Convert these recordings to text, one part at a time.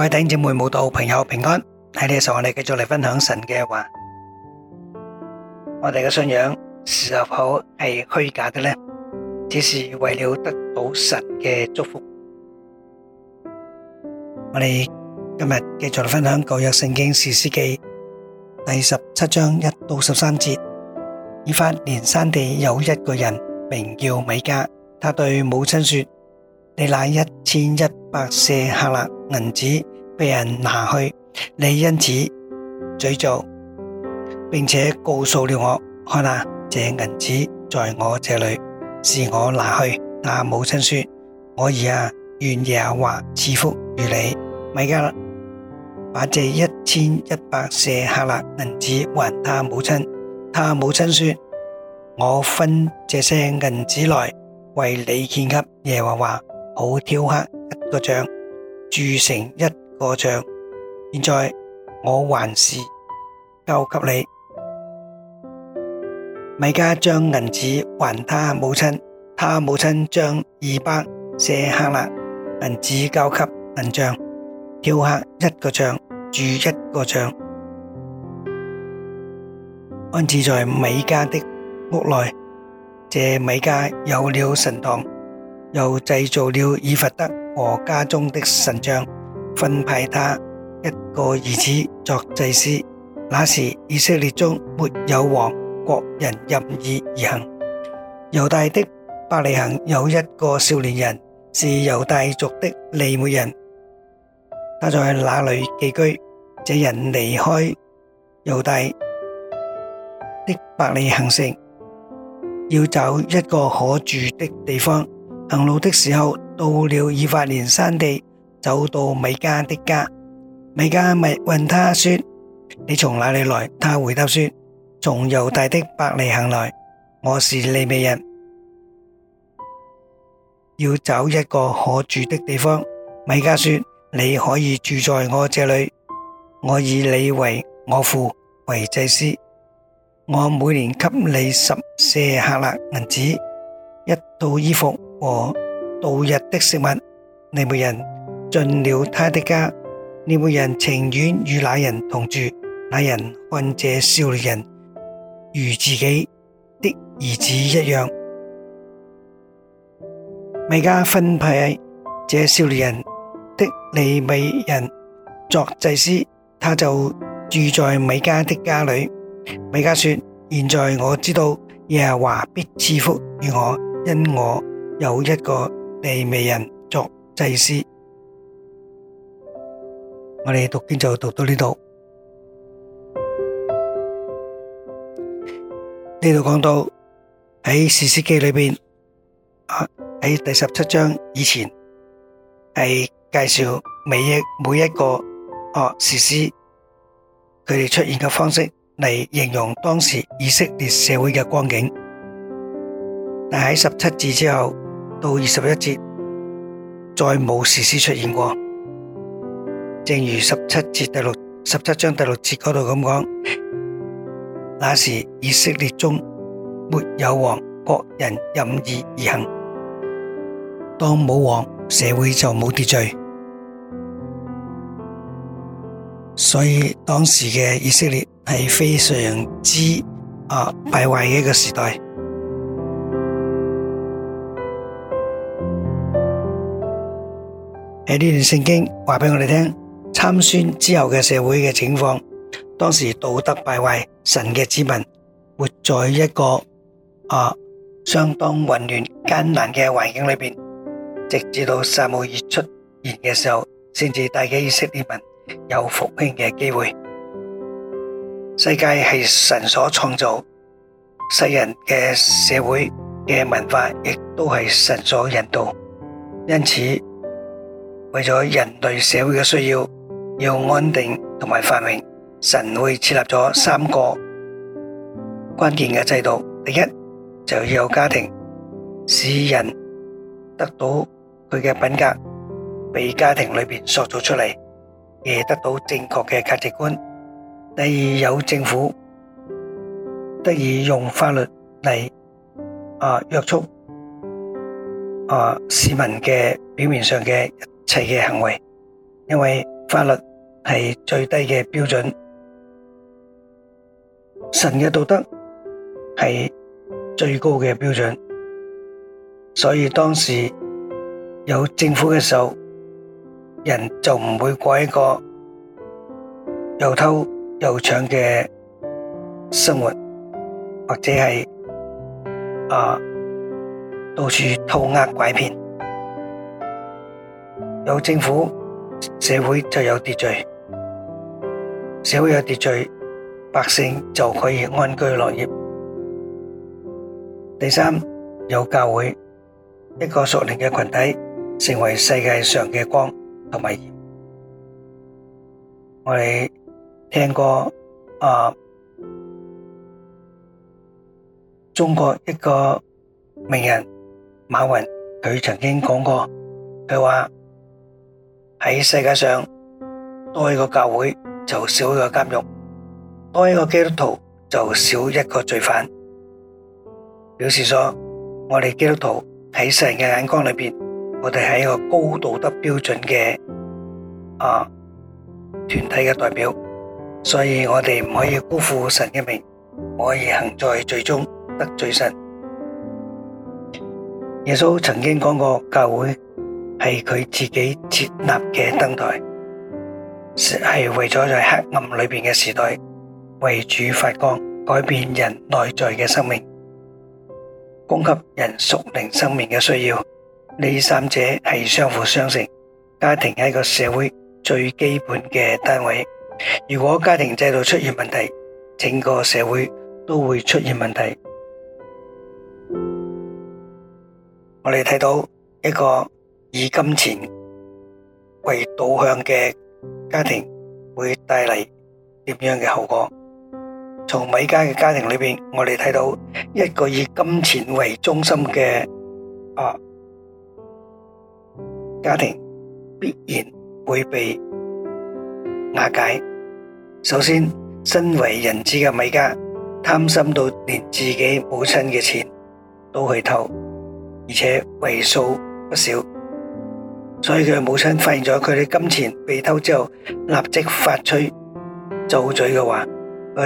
各位弟兄姊妹、慕道朋友平安，喺呢個時候我哋繼續嚟分享神嘅話。我哋嘅信仰是否係虛假的呢？只是為了得到神嘅祝福？我哋今日繼續嚟分享舊約聖經士師記第十七章一到十三節。以法連山地有一個人，名叫米迦，他對母親說：你那一千一百舍客勒銀子。被人拿去，你因此詛咒，並且告訴了我：看啊，這銀子在我這裏，是我拿去。那母親說：我兒啊，願耶華賜福與你。米迦把這一千一百舍客勒銀子還他母親，他母親說：我分這些銀子來為你獻給耶和華，好雕刻一個像，鑄成一。個像，現在我還是交給你。米迦將銀子還他母親，他母親將二百舍克勒銀子交給銀匠，雕刻一個像，鑄一個像，安置在米迦的屋內。這米迦有了神堂，又製造了以弗得和家中的神像。分派他一個兒子作祭司。那時以色列中沒有王，國人任意而行。猶大的伯利恆有一個少年人，是猶大族的利未人。他在那裡寄居。這人離開猶大的伯利恆城，要找一個可住的地方。行路的時候，到了以法蓮山地。走到米加的家，米加咪問他說：你從哪裏來？他回答說：從猶大的伯利恒來。我是利未人，要找一個可住的地方。米加說：你可以住在我這裏，我以你為我父為祭司，我每年給你十舍客勒銀子，一套衣服和度日的食物。利未人進了他的家，利未人情願與那人同住。那人看這少年人如自己的兒子一樣。米迦分派這少年人的利未人作祭司，他就住在米迦的家裏。米迦說：現在我知道耶華必賜福與我，因我有一個利未人作祭司。我哋讀經就讀到呢度，呢度講到喺士師記裏面，喺第十七章以前係介紹每一每一個啊士師佢哋出現嘅方式嚟形容當時以色列社會嘅光景，但喺十七節之後到二十一節再冇士師出現過。正如十七節第六、十七章第六節嗰度咁講，那時以色列中沒有王，各人任意而行。當冇王，社會就冇秩序。所以當時嘅以色列係非常之啊敗壞嘅一個時代。喺呢段聖經話俾我哋聽。參孫之後嘅社會嘅情況，當時道德敗壞，神嘅子民活在一個啊相當混亂、艱難嘅環境裏邊。直至到撒母耳出現嘅時候，先至帶起以色列民有復興嘅機會。世界係神所創造，世人嘅社會嘅文化亦都係神所引導。因此，為咗人類社會嘅需要。要安定同埋繁榮，神會設立咗三個關鍵嘅制度。第一就要有家庭，使人得到佢嘅品格，被家庭裏邊塑造出嚟，亦得到正確嘅價值觀。第二有政府，得以用法律嚟啊約束啊市民嘅表面上嘅一切嘅行為，因為法律。係最低嘅標準，神嘅道德係最高嘅標準，所以當時有政府嘅時候，人就唔會過一個又偷又搶嘅生活，或者係啊到處偷呃拐騙，有政府社會就有秩序。社會有秩序，百姓就可以安居樂業。第三，有教會，一個屬靈嘅群體，成為世界上嘅光同埋鹽。我哋聽過啊，中國一個名人馬雲，佢曾經講過，佢話喺世界上多一個教會。就少一個監獄，多一個基督徒就少一個罪犯。表示說，我哋基督徒喺世人嘅眼光裏面，我哋係一個高道德標準嘅啊團體嘅代表，所以我哋唔可以辜負神嘅命，我而行在罪中得罪神。耶穌曾經講過，教會係佢自己設立嘅燈台。係為咗在黑暗裏面嘅時代為主發光，改變人內在嘅生命，供給人屬靈生命嘅需要。呢三者係相輔相成。家庭係一個社會最基本嘅單位，如果家庭制度出現問題，整個社會都會出現問題。我哋睇到一個以金錢為導向嘅。家庭會帶嚟點樣嘅後果？從米家嘅家庭裏邊，我哋睇到一個以金錢為中心嘅啊家庭，必然會被瓦解。首先，身為人子嘅米家貪心到連自己母親嘅錢都去偷，而且為數不少。所以佢嘅母親發現咗佢嘅金錢被偷之後，立即發出咒詛嘅話，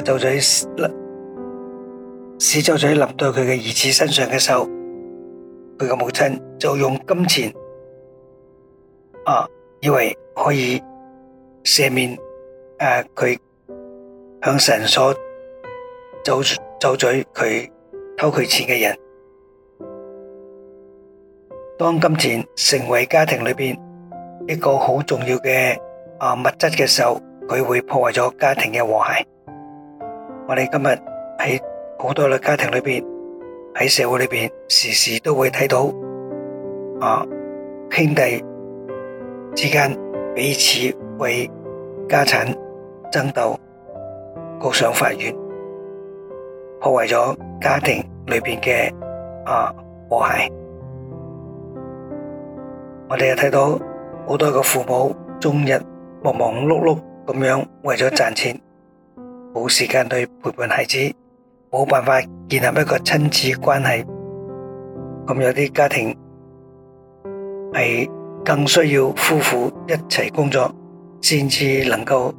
咒詛使咒詛臨到佢嘅兒子身上嘅手，佢嘅母親就用金錢啊，以為可以赦免啊佢向神所咒詛他佢偷佢錢嘅人。當金錢成為家庭裏邊一個好重要嘅啊物質嘅時候，佢會破壞咗家庭嘅和諧。我哋今日喺好多嘅家庭裏邊，喺社會裏邊，時時都會睇到啊兄弟之間彼此為家產爭鬥，告上法院，破壞咗家庭裏邊嘅、啊、和諧。我哋又睇到好多嘅父母終日忙忙碌碌咁樣，為咗賺錢，冇時間去陪伴孩子，冇辦法建立一個親子關係。咁有啲家庭係更需要夫婦一齊工作，先至能夠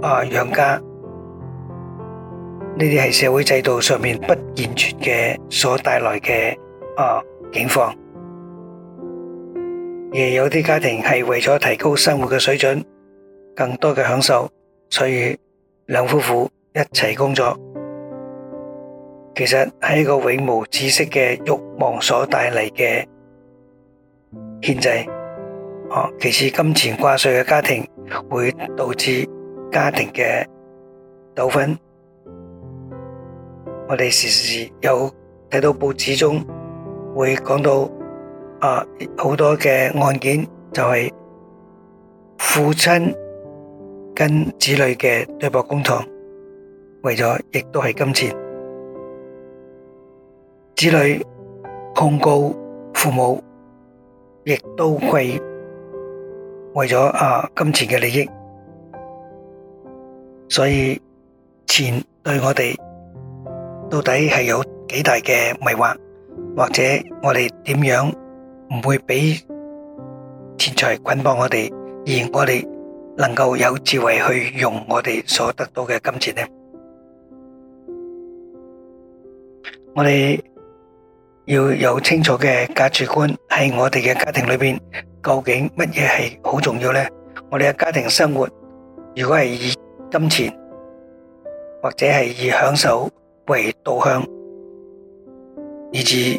啊養家。呢啲係社會制度上面不健全嘅所帶來嘅啊境況。也有啲家庭係為咗提高生活嘅水準，更多嘅享受，所以兩夫婦一齊工作。其實係一個永無止息嘅欲望所帶嚟嘅牽制。哦，其次金錢掛帥嘅家庭會導致家庭嘅糾紛。我哋時時有睇到報紙中會講到。啊！好多嘅案件就係父親跟子女嘅對簿公堂，為咗亦都係金錢，子女控告父母也，亦都會為咗啊金錢嘅利益，所以錢對我哋到底係有幾大嘅迷惑，或者我哋點樣？唔會俾錢財捆綁我哋，而我哋能夠有智慧去用我哋所得到嘅金錢呢，我哋要有清楚嘅價值觀喺我哋嘅家庭裏面，究竟乜嘢係好重要呢？我哋嘅家庭生活如果係以金錢或者係以享受為導向，以至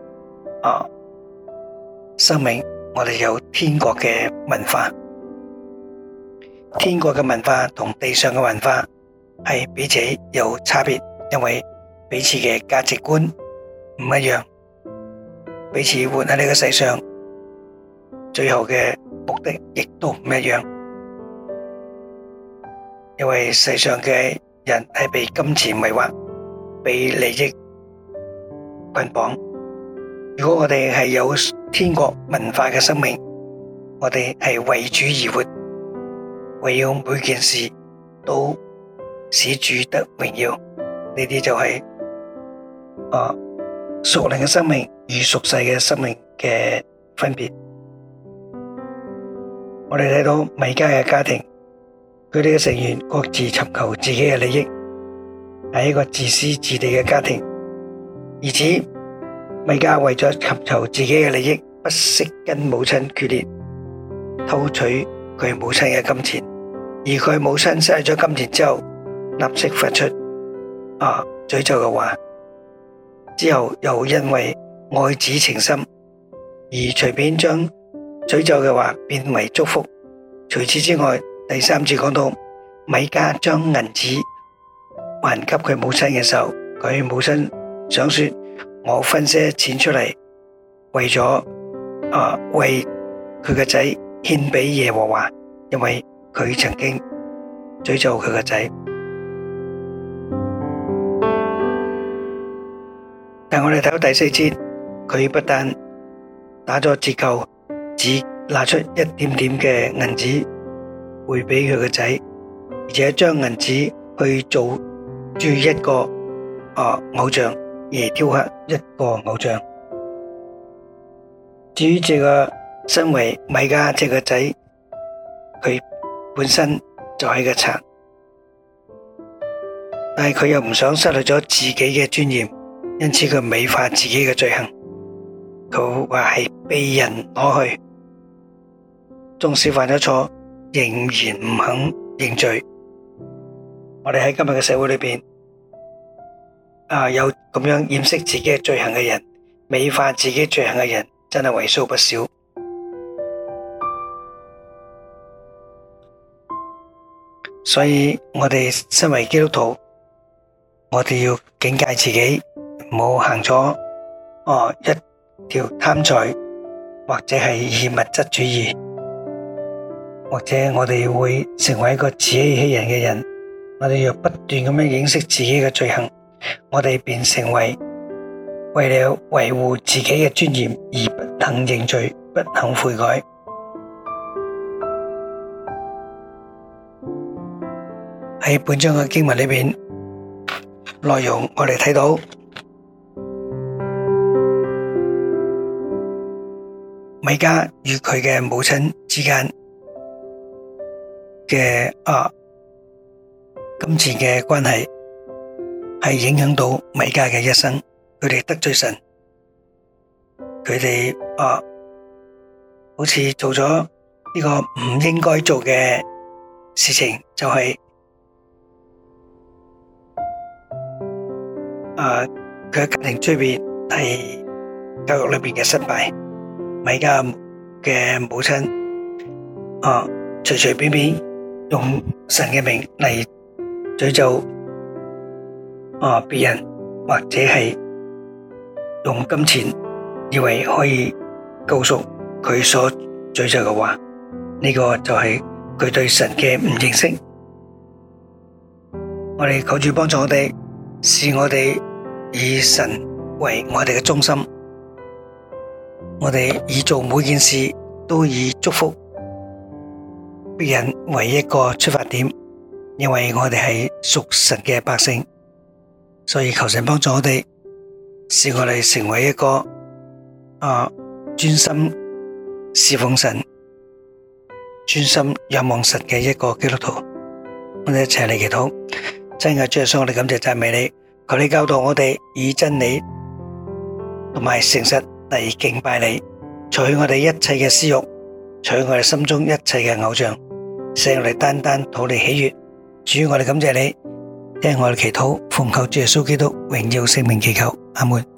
啊！生命，我哋有天國嘅文化，天國嘅文化同地上嘅文化係彼此有差別，因為彼此嘅價值觀唔一樣，彼此活喺呢個世上，最後嘅目的亦都唔一樣，因為世上嘅人係被金錢迷惑，被利益捆綁。如果我哋係有天國文化嘅生命，我哋係為主而活，為要每件事都使主得榮耀，呢啲就係啊屬靈嘅生命與屬世嘅生命嘅分別。我哋睇到米迦嘅家庭，佢哋嘅成員各自尋求自己嘅利益，係一個自私自利嘅家庭，而此。米迦為咗尋求自己嘅利益，不惜跟母親決裂，偷取佢母親嘅金錢。而佢母親失去咗金錢之後，立即發出啊詛咒嘅話，之後又因為愛子情深而隨便將詛咒嘅話變為祝福。除此之外，第三次講到米迦將銀紙還給佢母親嘅時候，佢母親想說。我分些錢出嚟，為咗，啊為佢個仔獻俾耶和華，因為佢曾經詛咒佢個仔。但係我哋睇到第四節，佢不但打咗折扣，只拿出一點點嘅銀子回俾佢個仔，而且將銀子去做住一個啊偶像。而雕刻一個偶像。至於這個身為米家這個仔，佢、就是，本身就係個賊，但係佢又唔想失去咗自己嘅尊嚴，因此佢美化自己嘅罪行。佢話係被人攞去，縱使犯咗錯，仍然唔肯認罪。我哋喺今日嘅社會裏面。啊！有咁樣掩飾自己嘅罪行嘅人，美化自己罪行嘅人，真係為數不少。所以我哋身為基督徒，我哋要警戒自己，唔好行錯哦一條貪財，或者係以物質主義，或者我哋會成為一個自欺欺人嘅人。我哋要不斷咁樣掩飾自己嘅罪行，我哋便成為，為了維護自己嘅尊嚴而不肯認罪、不肯悔改。喺本章嘅經文裏邊，內容我哋睇到米加與佢嘅母親之間嘅啊金錢嘅關係。係影響到米迦嘅一生，佢哋得罪神，佢哋啊，好似做咗呢個唔應該做嘅事情，就係啊佢家庭裏邊係教育裏邊嘅失敗，米迦嘅母親啊，隨隨便便用神嘅名嚟詛咒。啊、哦！別人或者係用金錢，以為可以告訴佢所咒詛嘅話，呢、這個就是佢對神嘅唔認識。我哋求主幫助我哋，使我哋以神為我哋嘅中心，我哋以做每件事都以祝福別人為一個出發點，因為我哋係屬神嘅百姓。所以求神幫助我哋，使我哋成為一個啊專心侍奉神、專心仰望神嘅一個基督徒。我哋一齊嚟祈禱，真嘅主耶穌，我哋感謝讚美你，求你教導我哋以真理同埋誠實嚟敬拜你，除去我哋一切嘅私欲，除去我哋心中一切嘅偶像，使我哋單單討你喜悦。主，我哋感謝你。聽我嚟祈禱，奉求主耶穌基督榮耀聖名祈求，阿門。